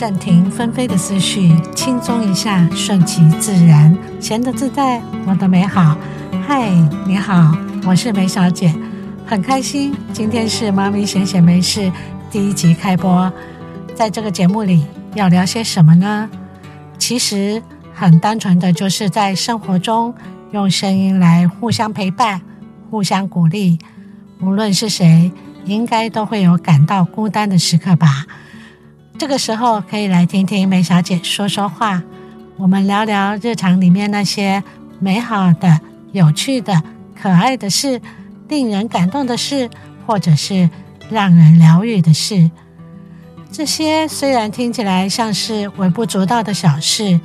暫停紛飛的思緒，輕鬆一下，順其自然，閒得自在，活得美好。嗨，你好，我是梅小姐，很開心，今天是《媽咪閒閒梅事》第一集開播。在這個節目裡，要聊些什麼呢？其實很單純的就是在生活中用聲音來互相陪伴、互相鼓勵。無論是誰，應該都會有感到孤單的時刻吧。這個時候可以來聽聽梅小姐說說話，我們聊聊日常裡面那些美好的、有趣的、可愛的事，令人感動的事，或者是讓人療癒的事。這些雖然聽起來像是微不足道的小事，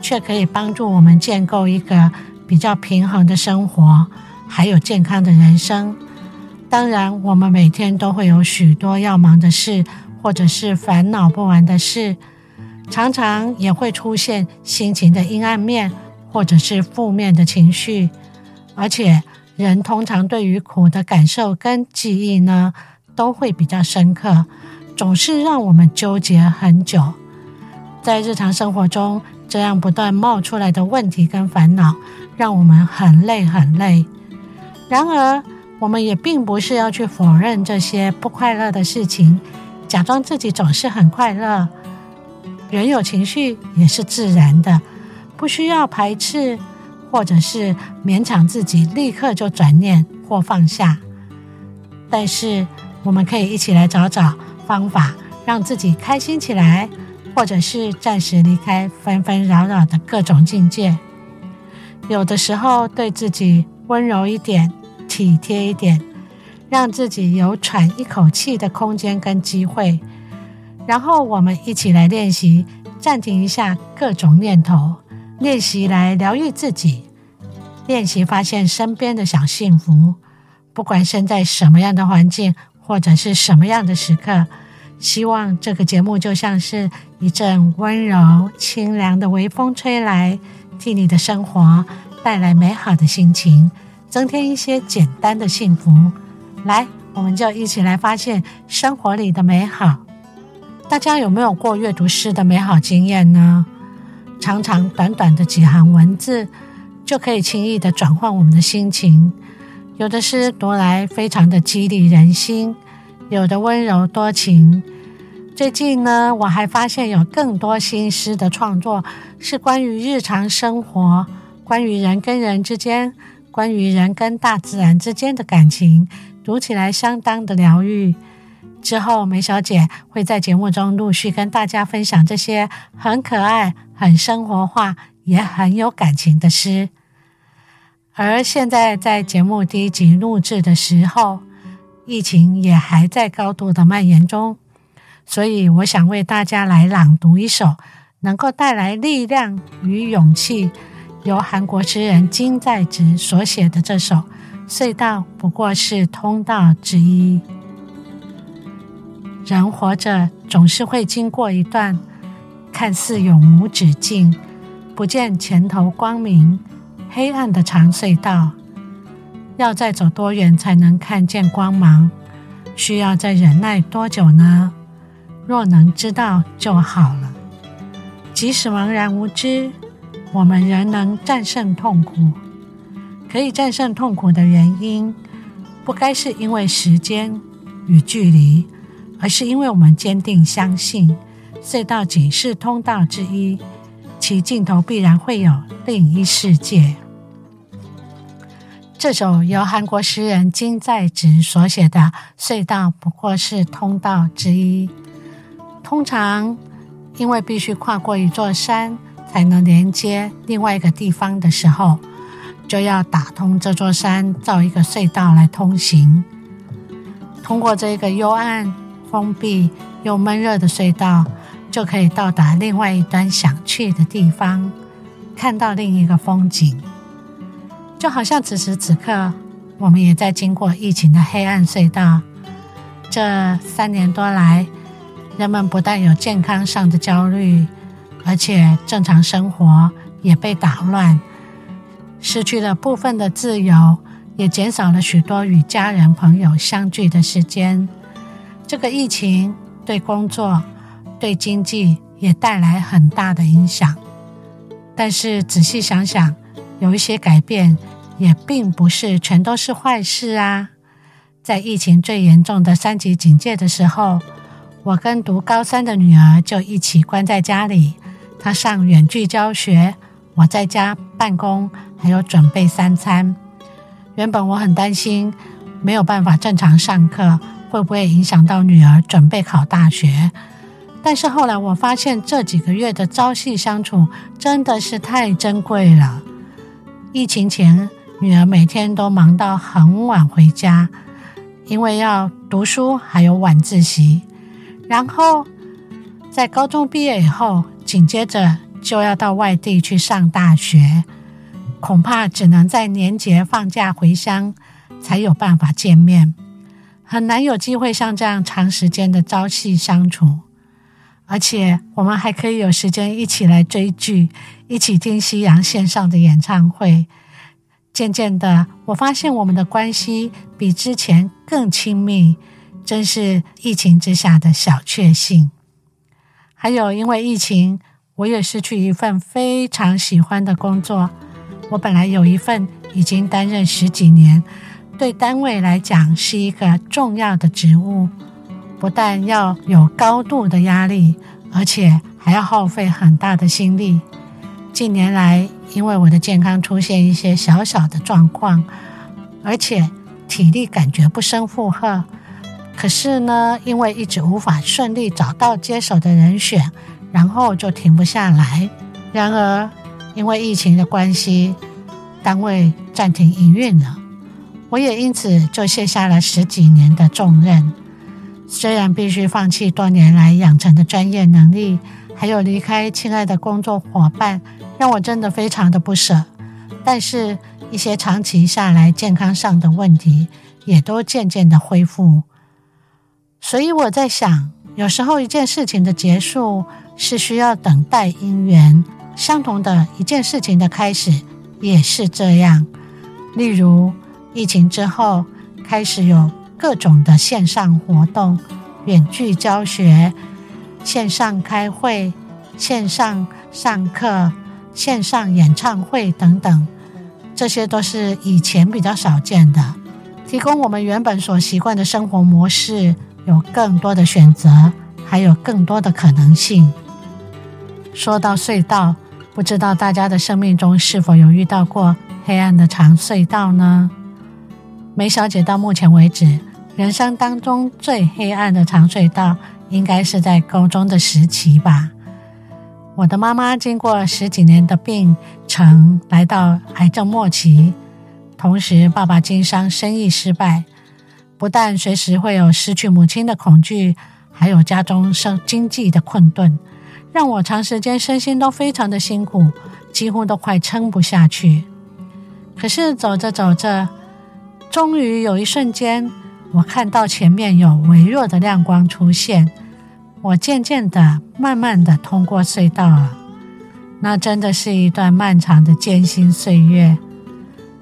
卻可以幫助我們建構一個比較平衡的生活，還有健康的人生。當然，我們每天都會有許多要忙的事。或者是煩惱不完的事，常常也會出現心情的陰暗面，或者是負面的情緒。而且，人通常對於苦的感受跟記憶呢，都會比較深刻，總是讓我們糾結很久。在日常生活中，這樣不斷冒出來的問題跟煩惱，讓我們很累很累。然而，我們也並不是要去否認這些不快樂的事情。假裝自己總是很快樂，人有情緒也是自然的，不需要排斥，或者是勉強自己立刻就轉念或放下。但是，我們可以一起來找找方法，讓自己開心起來，或者是暫時離開紛紛擾擾的各種境界。有的時候，對自己溫柔一點，體貼一點。讓自己有喘一口氣的空間跟機會，然後我們一起來練習，暫停一下各種念頭，練習來療癒自己，練習發現身邊的小幸福。不管身在什麼樣的環境，或者是什麼樣的時刻，希望這個節目就像是一陣溫柔清涼的微風吹來，替你的生活帶來美好的心情，增添一些簡單的幸福。來，我們就一起來發現生活裡的美好。大家有沒有過閱讀詩的美好經驗呢？長長短短的幾行文字，就可以輕易的轉換我們的心情。有的詩讀來非常的激勵人心，有的溫柔多情。最近呢，我還發現有更多新詩的創作是關於日常生活，關於人跟人之間，關於人跟大自然之間的感情。讀起來相當的療癒。之後，梅小姐會在節目中陸續跟大家分享這些很可愛、很生活化、也很有感情的詩。而現在在節目第一集錄製的時候，疫情也還在高度的蔓延中，所以我想為大家來朗讀一首能夠帶來力量與勇氣，由韓國詩人金在植所寫的這首。隧道不過是通道之一。人活着總是會經過一段看似永無止境、不見前頭光明、黑暗的長隧道。要再走多遠才能看見光芒？需要再忍耐多久呢？若能知道就好了。即使茫然無知，我們仍能戰勝痛苦。可以戰勝痛苦的原因，不該是因為時間與距離，而是因為我們堅定相信，隧道僅是通道之一，其盡頭必然會有另一世界。這首由韓國詩人金在植所寫的《隧道》，不過是通道之一。通常，因為必須跨過一座山才能連接另外一個地方的時候。就要打通這座山，造一個隧道來通行。通過這個幽暗、封閉又悶熱的隧道，就可以到達另外一端想去的地方，看到另一個風景。就好像此時此刻，我們也在經過疫情的黑暗隧道。這三年多來，人們不但有健康上的焦慮，而且正常生活也被打亂。失去了部分的自由，也減少了許多與家人朋友相聚的時間。這個疫情對工作、對經濟也帶來很大的影響。但是仔細想想，有一些改變也並不是全都是壞事啊。在疫情最嚴重的三級警戒的時候，我跟讀高三的女兒就一起關在家裡，她上遠距教學。我在家辦公，還有準備三餐。原本我很擔心沒有辦法正常上課，會不會影響到女兒準備考大學？但是後來我發現這幾個月的朝夕相處真的是太珍貴了。疫情前，女兒每天都忙到很晚回家，因為要讀書還有晚自習。然後在高中畢業以後，緊接着……就要到外地去上大學，恐怕只能在年節放假回鄉才有辦法見面，很難有機會像這樣長時間的朝夕相處。而且我們還可以有時間一起來追劇，一起聽西洋線上的演唱會。漸漸的，我發現我們的關係比之前更親密，真是疫情之下的小確幸。還有因為疫情，我也失去一份非常喜歡的工作。我本來有一份已經擔任十幾年，對單位來講是一個重要的職務，不但要有高度的壓力，而且還要耗費很大的心力。近年來，因為我的健康出現一些小小的狀況，而且體力感覺不勝負荷，可是呢，因為一直無法順利找到接手的人選。然後就停不下來。然而，因為疫情的關係，單位暫停營運了，我也因此就卸下了十幾年的重任。雖然必須放棄多年來養成的專業能力，還有離開親愛的工作夥伴，讓我真的非常的不捨。但是，一些長期下來健康上的問題也都漸漸的恢復。所以我在想，有時候，一件事情的結束是需要等待因緣；相同的一件事情的開始也是這樣。例如，疫情之後開始有各種的線上活動、遠距教學、線上開會、線上上課、線上演唱會等等，這些都是以前比較少見的，提供我們原本所習慣的生活模式。有更多的選擇，還有更多的可能性。說到隧道，不知道大家的生命中是否有遇到過黑暗的長隧道呢？梅小姐到目前為止，人生當中最黑暗的長隧道，應該是在高中的時期吧。我的媽媽經過十幾年的病程，來到癌症末期，同時爸爸經商生意失敗。不但隨時會有失去母親的恐懼，還有家中生經濟的困頓，讓我長時間身心都非常的辛苦，幾乎都快撐不下去。可是走着走着，終於有一瞬間，我看到前面有微弱的亮光出現，我漸漸的、慢慢的通過隧道了。那真的是一段漫長的艱辛歲月。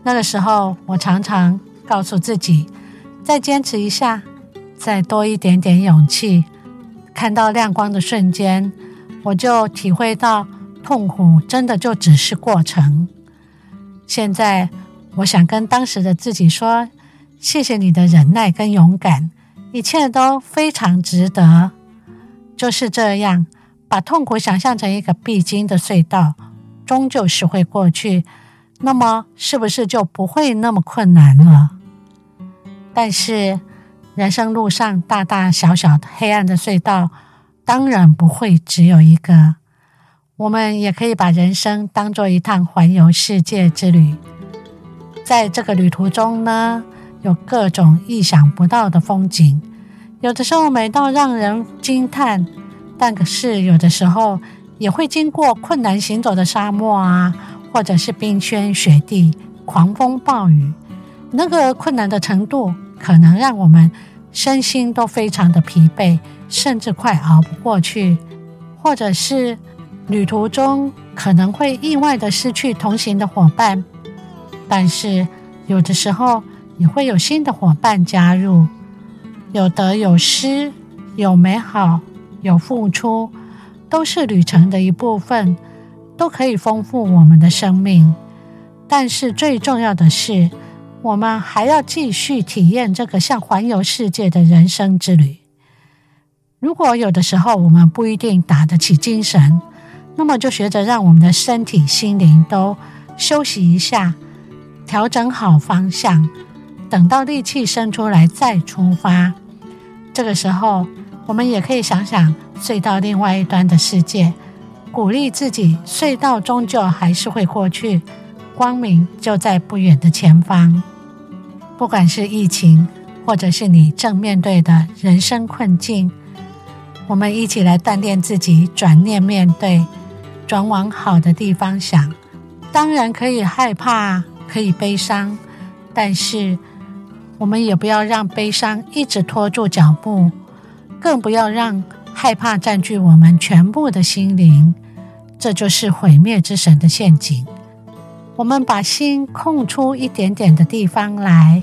那個時候，我常常告訴自己。再堅持一下，再多一點點勇氣，看到亮光的瞬間，我就體會到痛苦真的就只是過程。現在，我想跟當時的自己說，謝謝你的忍耐跟勇敢，一切都非常值得。就是這樣，把痛苦想象成一個必經的隧道，終究是會過去，那麼是不是就不會那麼困難了？但是，人生路上大大小小的黑暗的隧道，當然不會只有一個。我們也可以把人生當做一趟環遊世界之旅，在這個旅途中呢，有各種意想不到的風景，有的時候美到讓人驚嘆，但可是有的時候也會經過困難行走的沙漠啊，或者是冰天雪地、狂風暴雨，那個困難的程度。可能讓我們身心都非常的疲憊，甚至快熬不過去；或者是旅途中可能會意外的失去同行的夥伴，但是有的時候也會有新的夥伴加入。有得有失，有美好，有付出，都是旅程的一部分，都可以豐富我們的生命。但是最重要的是，我們還要繼續體驗這個像環遊世界的人生之旅。如果有的時候我們不一定打得起精神，那麼就學着讓我們的身體、心靈都休息一下，調整好方向，等到力氣生出來再出發。這個時候，我們也可以想想隧道另外一端的世界，鼓勵自己，隧道終究還是會過去，光明就在不遠的前方。不管是疫情，或者是你正面對的人生困境，我們一起來鍛鍊自己，轉念面對，轉往好的地方想。當然可以害怕，可以悲傷，但是我們也不要讓悲傷一直拖住腳步，更不要讓害怕占據我們全部的心靈。這就是毀滅之神的陷阱。我們把心空出一點點的地方來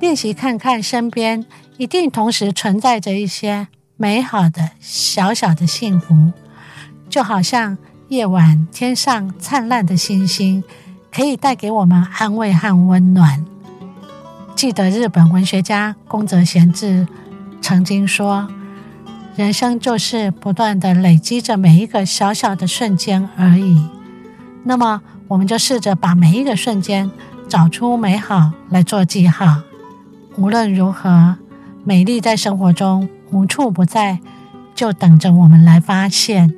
練習，看看身邊一定同時存在着一些美好的小小的幸福，就好像夜晚天上燦爛的星星，可以帶給我們安慰和溫暖。記得日本文學家宮澤賢治曾經說：“人生就是不斷地累積着每一個小小的瞬間而已。”那麼。我們就試着把每一個瞬間找出美好來做記號。無論如何，美麗在生活中無處不在，就等着我們來發現。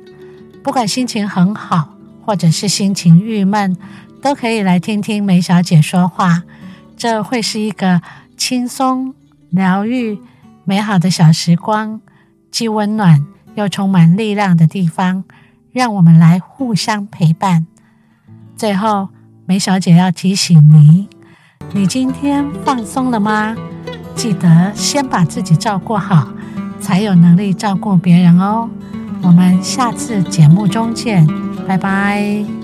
不管心情很好，或者是心情鬱悶，都可以來聽聽梅小姐說話。這會是一個輕鬆、療癒、美好的小時光，既溫暖又充滿力量的地方。讓我們來互相陪伴。最後，梅小姐要提醒您，你今天放鬆了嗎？記得先把自己照顧好，才有能力照顧別人哦。我們下次節目中見，拜拜。